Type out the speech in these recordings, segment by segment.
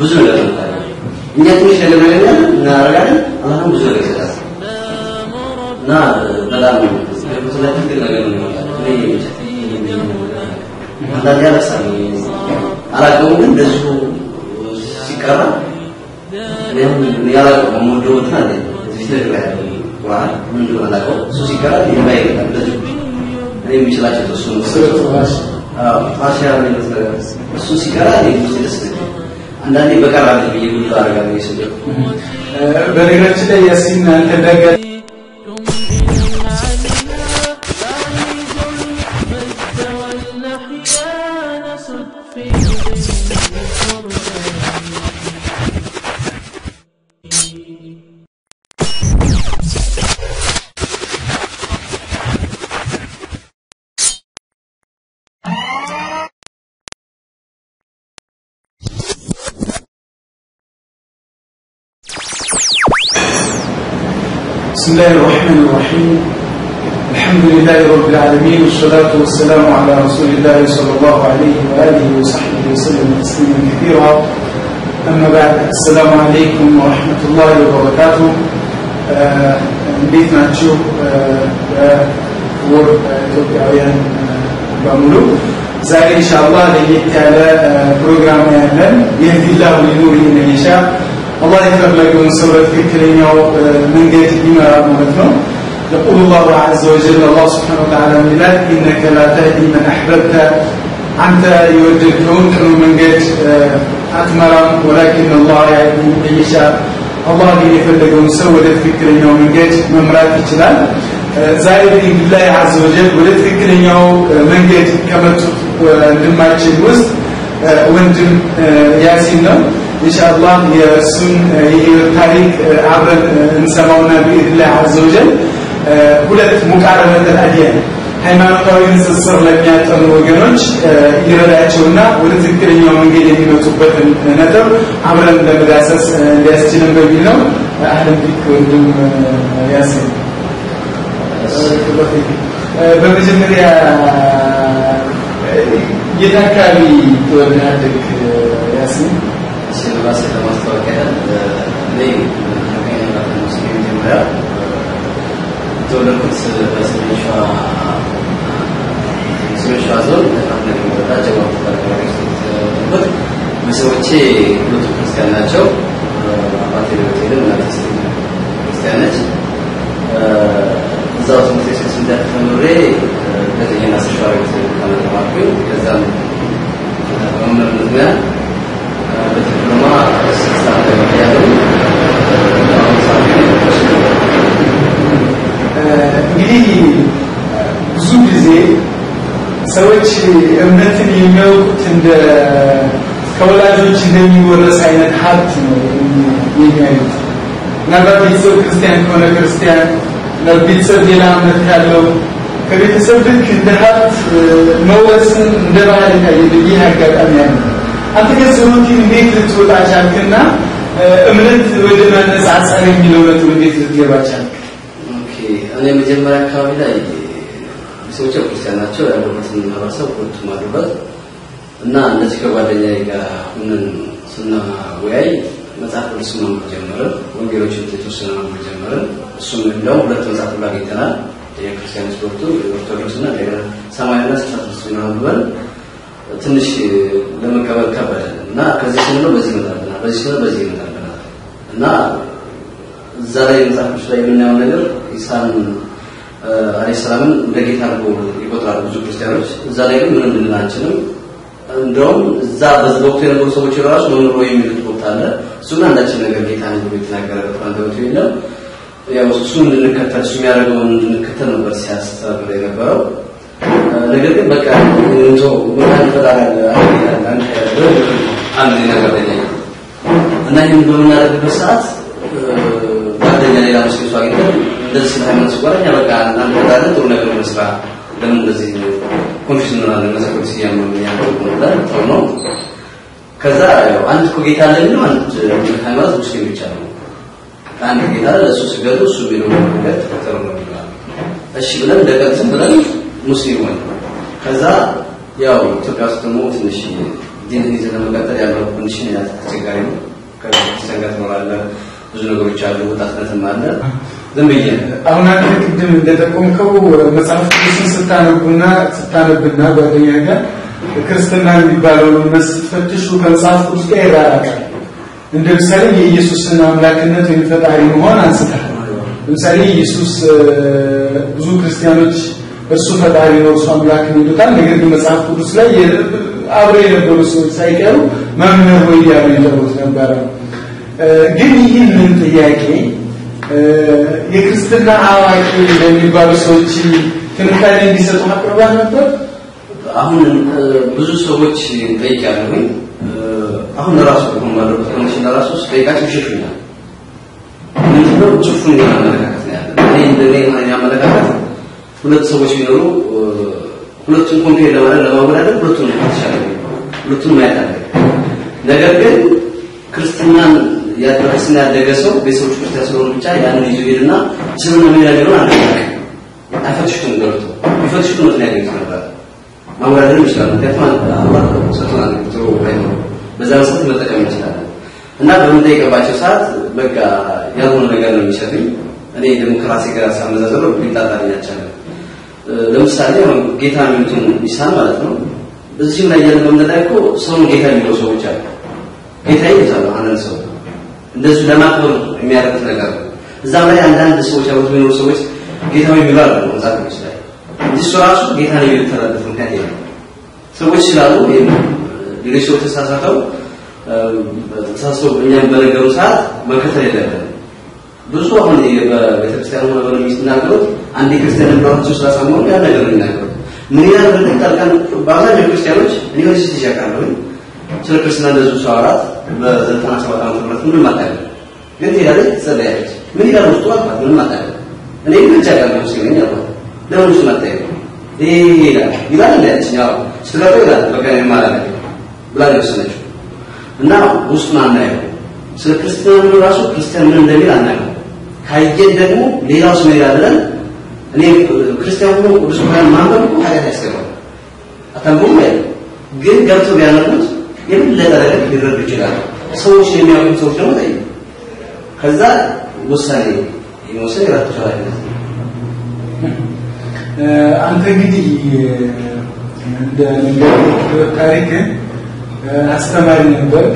ብዙ ነገር እኛ ትንሽ ነገር ያለን እናደርጋለን። አላህም ብዙ ነገር ይሰጣል እና በጣም ለብዙላችን ግን ነገር ነው አንዳንድ ያለቅሳል አላውቀውም፣ ግን እንደዚሁ ሲቀራ እኔም ያላውቀው የምወደው አለ እዚህ ቁርአን ምን እንደሆነ አላውቀው እሱ ሲቀራ ይባ ይላል እንደዚሁ እኔ የሚችላቸው እሱ ሲቀራ እኔ ደስ ይለኛል አንዳንዴ በቀላል ብዬ ምን ስ በሌሎች ላይ ያሲን አንተ الله الرحمن الرحيم الحمد لله رب العالمين والصلاة والسلام على رسول الله صلى الله عليه وآله وصحبه وسلم تسليما كثيرا أما بعد السلام عليكم ورحمة الله وبركاته بيتنا تشوف ور Tokyo'yan إن شاء الله dedik على بروغرام يهدي الله li nurihi men yasha. الله يغفر لكم سورة كريم من جهة بما رحمتهم يقول الله عز وجل الله سبحانه وتعالى ملاك إنك لا تهدي من أحببت أنت يوجهون من قيت آه، أكمرا ولكن الله يهدي من يشاء الله لكم سورة كريم من قيت ممرات ይችላል إن الله عز وجل ወደ ትክክለኛው መንገድ ከመጡት ወንድማችን ውስጥ ወንድም ያሲን ነው እንሻላ የእሱን የህይወት ታሪክ አብረን እንሰማውና ብኢድላህ አዘወጀል ሁለት ሙቃረበተል አድያን ሃይማኖታዊ ንጽጽር ለሚያጠኑ ወገኖች ይረዳቸውና ወደ ትክክለኛው መንገድ የሚመጡበትን ነጥብ አብረን ለመዳሰስ እንዲያስችልን በሚል ነው። አህለን ቢክ ወንድም ያስን በመጀመሪያ የት አካባቢ ተወልደህ ያደግህ ሲልቫስ ለማስታወቂያ ላይ ሙስ መጀመሪያ የተወለድኩት በሰሜን ሸዋ ዞን አምለግ ወረዳ ጀባ ተባለ የተወለድኩት ሁለቱ ክርስቲያን ናቸው። አባቴ ቤቴል እናቴ ክርስቲያን ነች። አይነት ሀብት ነው የሚያዩት። እና በቤተሰብ ክርስቲያን ከሆነ ክርስቲያን፣ ቤተሰብ ሌላ እምነት ካለው ከቤተሰብ ልክ እንደ ሀብት መወስን እንደ ባህል የታየ ይህ አጋጣሚ ያለ አንተ ከስሮቲ እንዴት ልትወጣ ቻልክና እምነት ወደ መነጻጸር የሚለው ነጥብ እንዴት ልትገባ ቻልክ? እኔ መጀመሪያ አካባቢ ላይ ሰዎች ክርስቲያን ናቸው ያለበትን ማህበረሰብ ሁለቱም አሉበት እና እነዚህ ከጓደኛ ጋር ሁነን ስናወያይ መጽሐፍ ቅዱስ ነው ጀመርን፣ ወንጌሎችን የተወሰነ ነው ጀመርን። እሱም እንደውም ሁለት መጽሐፍ ላ አግኝተናል። የክርስቲያኖች ወቅቱ ኦርቶዶክስ ና ሌላ ሰማያዊና ስፋት ስ ብለን ትንሽ ለመቀበል ከበደ እና ከዚህ ስንሎ በዚህ ይመጣልናል፣ በዚህ ስንለው በዚህ ይመጣልናል እና እዛ ላይ መጽሐፎች ላይ የምናየው ነገር ኢሳን አሌ ሰላምን እንደ ጌታ አድርጎ ይቆጥራሉ ብዙ ክርስቲያኖች። እዛ ላይ ግን ምንም ልንል እንደውም እዛ በዛ ወቅት የነበሩ ሰዎች ራሱ መምሮ የሚሉት ቦታ አለ። እሱን አንዳችን ነገር ጌታ ነው የተናገረበት አንደበት የለም። ያው እሱ እንድንከተል እሱ የሚያደርገውን እንድንከተል ነበር ሲያስተምር የነበረው። ነገር ግን በቃ እንቶ ምናን ተላላለ አንድ ነገር ላይ እና ይህም በምናደርግበት ሰዓት ጓደኛ ሌላ ሙስሊም ሰው አግኝተን እንደዚህ ስለ ሃይማኖት ሲጓረኛ በቃ አንድ ጥሩ ነገር መስራ ለምን እንደዚህ ኮንፊውዝ ነው ለነሰ ኮንፊውዝ ያለው ነበር ነው። ከዛ ያው አንድ እኮ ጌታ አለ ነው አንድ ሃይማኖት ሙስሊም ብቻ ነው። አንድ ጌታ ለሱ ስገዱ እሱ ቢሉ ነገር ጥሩ ነው እሺ ብለን ደቀን ብለን ሙስሊም ሆነ። ከዛ ያው ኢትዮጵያ ውስጥ ደግሞ ትንሽ ዲንን ይዘህ ለመቀጠል ያለው ኮንዲሽን አስቸጋሪ ነው። ከቤተክርስቲያን ጋር ብዙ ነገሮች አሉ፣ ወጣትነትም አለ ዝም ብዬ አሁን አንተ ቅድም እንደጠቆምከው መጽሐፍ ቅዱስን ስታነቡና ስታነብና ጓደኛ ጋር ክርስትና የሚባለው እውነት ስትፈትሹ ከመጽሐፍ ቅዱስ ጋር ይራራቃል። እንደ ምሳሌ የኢየሱስን አምላክነት ወይም ፈጣሪ መሆን አንስታል። ለምሳሌ ኢየሱስ ብዙ ክርስቲያኖች እርሱ ፈጣሪ ነው፣ እርሱ አምላክ ነው ይሉታል። ነገር ግን መጽሐፍ ቅዱስ ላይ አብረው የነበሩ ሰዎች ሳይቀሩ መምህር ወይ ያሉ ይጠሩት ነበረ። ግን ይህንን ጥያቄ የክርስትና አዋቂ የሚባሉ ሰዎች ትንታኔ እንዲሰጡ አቅርባ ነበር። አሁን ብዙ ሰዎች ጠይቃለሁኝ። አሁን ራሱ ማድረጉ ኮሚሽን ራሱ ስጠይቃቸው ይሸሹኛል። ምንድነው ጭፍን አመለካከት ያለ። እኔ እንደኔ አመለካከት ሁለት ሰዎች ቢኖሩ ሁለቱን ኮምፔር ለማለ ለማወዳደር ሁለቱን ነው የተሻለ ሁለቱን ማየት አለ። ነገር ግን ክርስትናን ያደረስን ያደገ ሰው ቤተሰቦች ውስጥ ስለሆኑ ብቻ ያንን ይዞ ሄድና ነው የሚነግረውን አናውቅም። አይፈትሹትም። ገብቶ ይፈትሽቱ ነው ያገኙት ነበር። ማውራድም ይችላል። ምክንያቱም አላህ ሰጥቶናል ጥሩ ወይ በዛ መሰረት መጠቀም ይችላል። እና በምንጠይቅባቸው ሰዓት በቃ ያልሆነ ነገር ነው የሚሰጡኝ። እኔ ደግሞ ከራሴ ጋር ሳመዛዘለው ሊጣጣልኝ አልቻለም። ለምሳሌ ጌታ የሚሉትን ኢሳ ማለት ነው። እዚህም ላይ ያለ በምንጠይቀው ሰውን ጌታ የሚለው ሰዎች አሉ። ጌታ ይይዛሉ አንድ ሰው እንደሱ ለማክበር የሚያደርጉት ነገር ነው። እዛም ላይ አንዳንድ ሰዎች አብረው የሚኖሩ ሰዎች ጌታ ወይ የሚባል ነው መጽሐፍ ቅዱስ ላይ እሱ ራሱ ጌታ ነው የሚተላለፍ ምክንያት የለም። ሰዎች ስላሉ ሌሎች ሰዎች ተሳሳተው ተሳስቶ እኛም በነገሩ ሰዓት መከተል የለብንም። ብዙ አሁን በቤተክርስቲያን ሆነ በሆነ የሚናገሩት አንድ ክርስቲያን ብራቶች ስላሳመሩ ያን ነገር ነው ምን ያህል ብንጠልቀን በአብዛኛው ክርስቲያኖች እኔ ወደዚህ ትሸቃለሁ ስለ ክርስትና እንደዚህ ሰው አራት በዘጠና ሰባት ዓመተ ምህረት ምንም አታውቅም፣ ግን ትሄዳለች፣ ትጸለያለች። ምን ይላል ውስጡ አልኳት፣ ምንም አታውቅም። እኔ ምን ብቻ ነው አልኳት፣ ለምን እሱን አታውቅም? ይሄ ይላል ይላል እንዳለችኝ፣ ያው ስትቀጥል ይላል በቃ እኔም ብላ እና ውስጡን አናየው። ስለ ክርስትና ምኑ ራሱ ክርስቲያን ምን እንደሚል አናየው። ካየን ደግሞ ሌላው ስም ይላል እኔ ክርስቲያን ሆኖ ቅዱስ ቁርአን ማንበብ ኃጢአት ያስገባል። አታንቡም ግን ገብቶ ቢያነቡት የበለጠ ነገር ሊረዱ ይችላል። ሰዎች የሚያውቁ ሰዎች ደግሞ ጠይቁ። ከዛ ውሳኔ የመውሰድ የራሱ ኃላፊነት ነው። አንተ እንግዲህ እንደ ታሪክ አስተማሪ ነበር።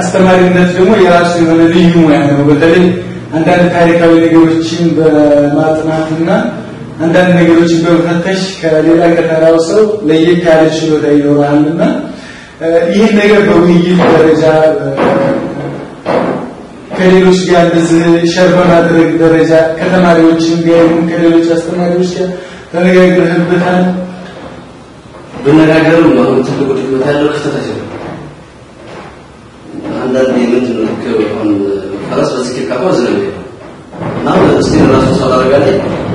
አስተማሪነት ደግሞ የራሱ የሆነ ልዩ ሙያ ነው። በተለይ አንዳንድ ታሪካዊ ነገሮችን በማጥናትና አንዳንድ ነገሮችን በመፈተሽ ከሌላ ከተራው ሰው ለየት ያለ ችሎታ ይኖራልና ይህን ነገር በውይይት ደረጃ ከሌሎች ጋር እንደዚህ ሸር በማድረግ ደረጃ ከተማሪዎችም ጋር ከሌሎች አስተማሪዎች ጋር ተነጋግረህበታል? መነጋገርም አሁን ትልቁ ድክመት ያለው ክፍተት ነው። አንዳንድ የምንድን ነው ልክ ፈረስ በስኬት ካፋ ዝለሚ እና እስቲ ራሱ ሰው አደረጋለ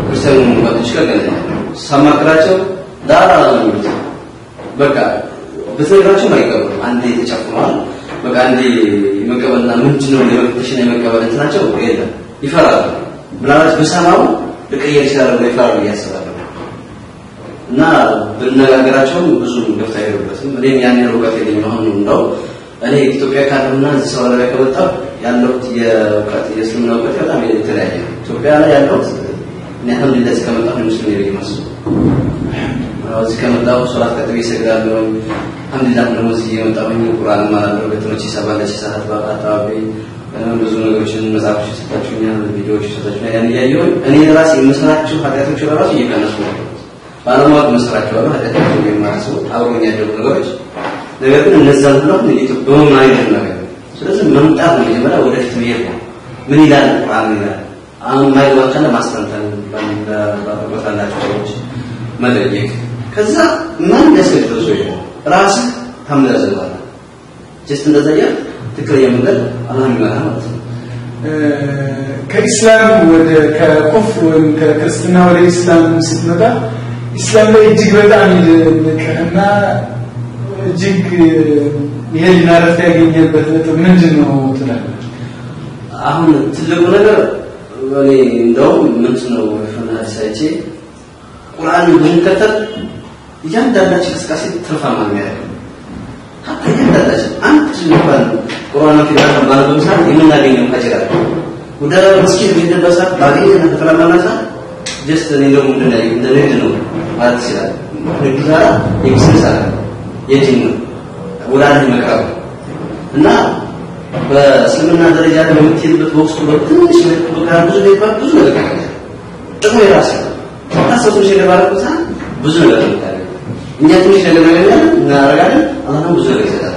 ክርስቲያኑ ጓደኞች ጋር ገናኛል ሳማክራቸው ዳራ ነው በቃ በሰነዳችን አይቀበሉም። አንዴ ተጨቁኗል፣ በቃ አንዴ የመቀበልና ምንድን ነው የመፈተሽና የመቀበል እንትናቸው የለም። ይፈራሉ። ምናልባት በሰማው ልቀየር ይችላል ነው ይፈራሉ እያስባለሁ እና ብነጋገራቸውም ብዙ ገብታ አይሄዱበትም። እኔም ያን እውቀት የለኝም። አሁን እንደው እኔ ኢትዮጵያ ካለሁና እዚህ ሰው ላይ ከወጣ ያለሁት የእውቀት የእስልምና እውቀት በጣም የተለያየ ነው። ኢትዮጵያ ላይ ያለሁት እኔ አልሐምዱሊላህ እስከመጣሁ ነው ሙስሊም ነኝ መስሎ እዚህ ከመጣሁ ሶላት ቀጥቤ እሰግዳለሁ አልሐምዱሊላህ ደግሞ እዚህ የመጣሁኝ ቁርአን ማለት ነው። ቤትኖች ይሰባለ ሲሰራት በአካባቢ ብዙ ነገሮችን መጽሐፎች ይሰጣችሁኛል፣ ቪዲዮዎች ይሰጣችሁኛል። ያን እያየሁ እኔ ራሴ የምሰራቸው ኃጢአቶች ራሱ እየቀነሱ ነው። ባለማወቅ መስራቸው ነው ኃጢአቶች የማያስቡ አብሮኝ ያደጉ ነገሮች። ነገር ግን እነዛ ሁሉ አሁን እንዴት በመማየት ነገር ስለዚህ መምጣት ነው መጀመሪያ ወደፊት መሄድ ነው። ምን ይላል ቁርአን ይላል አሁን ማይሏቻን ለማስተንተን ባለቦታላቸው ሰዎች መጠየቅ ከዛ ማን ያስገድደው ሰው ይሆናል ራስህ ታምነህ ጀስት እንደዛ ያ ትክክለኛ መንገድ አላህ የሚመራ ማለት ነው። ከኢስላም ወደ ከኩፍር ወይም ከክርስትና ወደ ኢስላም ስትመጣ ኢስላም ላይ እጅግ በጣም ይልቅህና እጅግ የህሊና እረፍት ያገኘበት ነጥብ ምንድን ነው ትላለህ? አሁን ትልቁ ነገር እኔ እንደውም ምንድን ነው ፈናሳቼ ቁርአን ብንከተል እያንዳንዳችን እንቅስቃሴ ትርፋማ የሚያደርግ እያንዳንዳችን አንድ ቁርአን የምናገኘው መስጊድ ባገኘ ጀስት እኔ ደግሞ እንደላይ ነው ማለት ይችላል። መቅረብ እና በእስልምና ደረጃ በውስጡ በትንሽ ብዙ ብዙ ነገር የራስ ብዙ ነገር እኛ ትንሽ ነገር ያገኛል እናደርጋለን። አላህ ብዙ ነገር ይሰጣል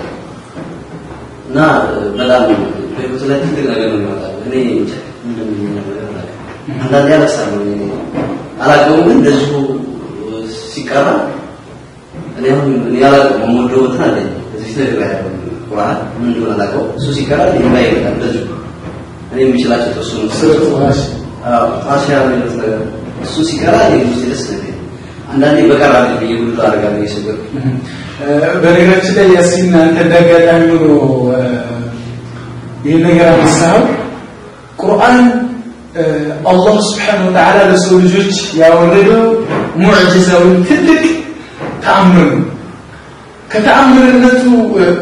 እና በጣም በህይወት ላይ ትልቅ ነገር ነው ይመጣል። እኔ አንዳንዴ አላውቀውም፣ ግን እንደዚሁ ሲቀራ እኔ አሁን እኔ አላውቀውም የምወደው እንትን አለኝ እዚህ ተደረገ ቁርአን ምን እንደሆነ አላውቀውም። እሱ ሲቀራ ይባ ይመጣል። እንደዚሁ እኔ የሚችላቸው ተወሰኑ ስር ጣሽ ያለ ነገር እሱ ሲቀራ ደስ ነገር አንዳንዴ በቀር አለ ብዬ ሁሉ አደርጋለሁ። የሰገር በነገራችን ላይ ያሲን አንተ እንዳጋጣሚ ሆኖ ይህን ነገር አነሳኸው። ቁርአን አላህ ስብሓን ወተላ ለሰው ልጆች ያወረደው ሙዕጅዛውን ትልቅ ተአምር ነው። ከተአምርነቱ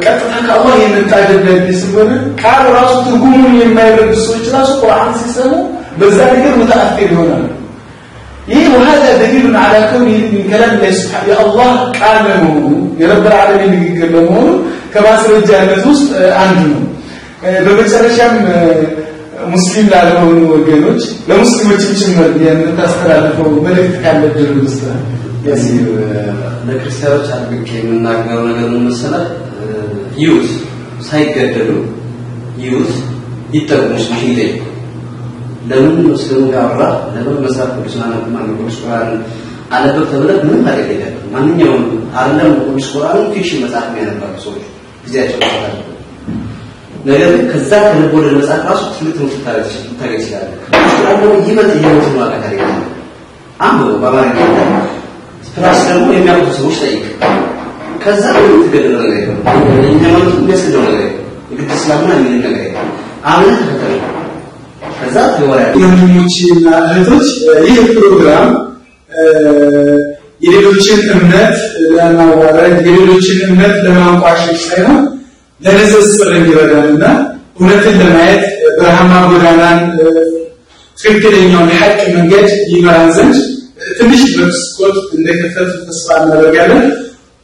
ቀጥታ ከአላ የመጣ ደብዳቤ ስለሆነ ቃሉ ራሱ ትርጉሙን የማይረዱ ሰዎች ራሱ ቁርአን ሲሰሙ በዛ ነገር ሙተአፊር ይሆናል ይህ ወሀዛ ደሊሉን አላ ከውኒ ሚን ከላም ላይ ስብሓን የአላህ ቃል ለመሆኑ የረብ ልዓለሚን ንግግር ለመሆኑ ከማስረጃነት ውስጥ አንዱ ነው በመጨረሻም ሙስሊም ላለሆኑ ወገኖች ለሙስሊሞችም ጭምር የምታስተላልፈው መልእክት ካለ ድር መስላል ለክርስቲያኖች አድርጌ የምናገረው ነገር ምን መሰለህ ይዩት ሳይገደሉ ይዩት ይጠቅሙስ ይጠይቁ ለምን መስገኑ ጋራ ለምን መጽሐፍ ቅዱስን ማን ቅዱስ ቁርአን አለበት ተብለ ምንም አደጋ ማንኛውም አለም ቅዱስ ቁርአን ፊክሽን መጽሐፍ የሚያነባሉ ሰዎች ጊዜያቸው ይችላል። ነገር ግን ከዛ ከልብ ወለድ መጽሐፍ ራሱ ትልቅ ትምህርት ልታገኝ ትችላለህ። ቁርአን ደግሞ ይበልጥ የህይወትን ዋጋ ታገኛለህ። አንብበው በአማርኛ ፕላስ ደግሞ የሚያውቁ ሰዎች ጠይቅ። ከዛ ምን ትገደለ ነገር የለም። እኛ የሚያስገደው ነገር ግድ ስላምን የሚልም ነገር አምነህ الأحزاب في الولايات هي البروغرام የሌሎችን እምነት ለማዋረድ የሌሎችን እምነት ለማንቋሸሽ ሳይሆን ለንጽጽር እንዲረዳን እና እውነትን ለማየት ብርሃማ ጎዳናን ትክክለኛውን ሀቅ መንገድ ይመራን ዘንድ ትንሽ መስኮት እንደከፈት ተስፋ እናደርጋለን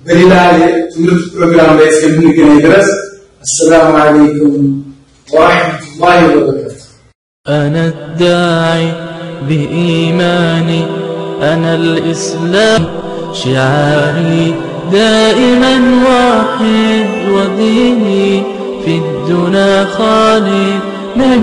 በሌላ የትምህርት ፕሮግራም ላይ እስከምንገናኝ ድረስ አሰላሙ አለይኩም ወረሕመቱላሂ ወበረካቱ أنا الداعي بإيماني أنا الإسلام شعاري دائما واحد وديني في الدنا خالد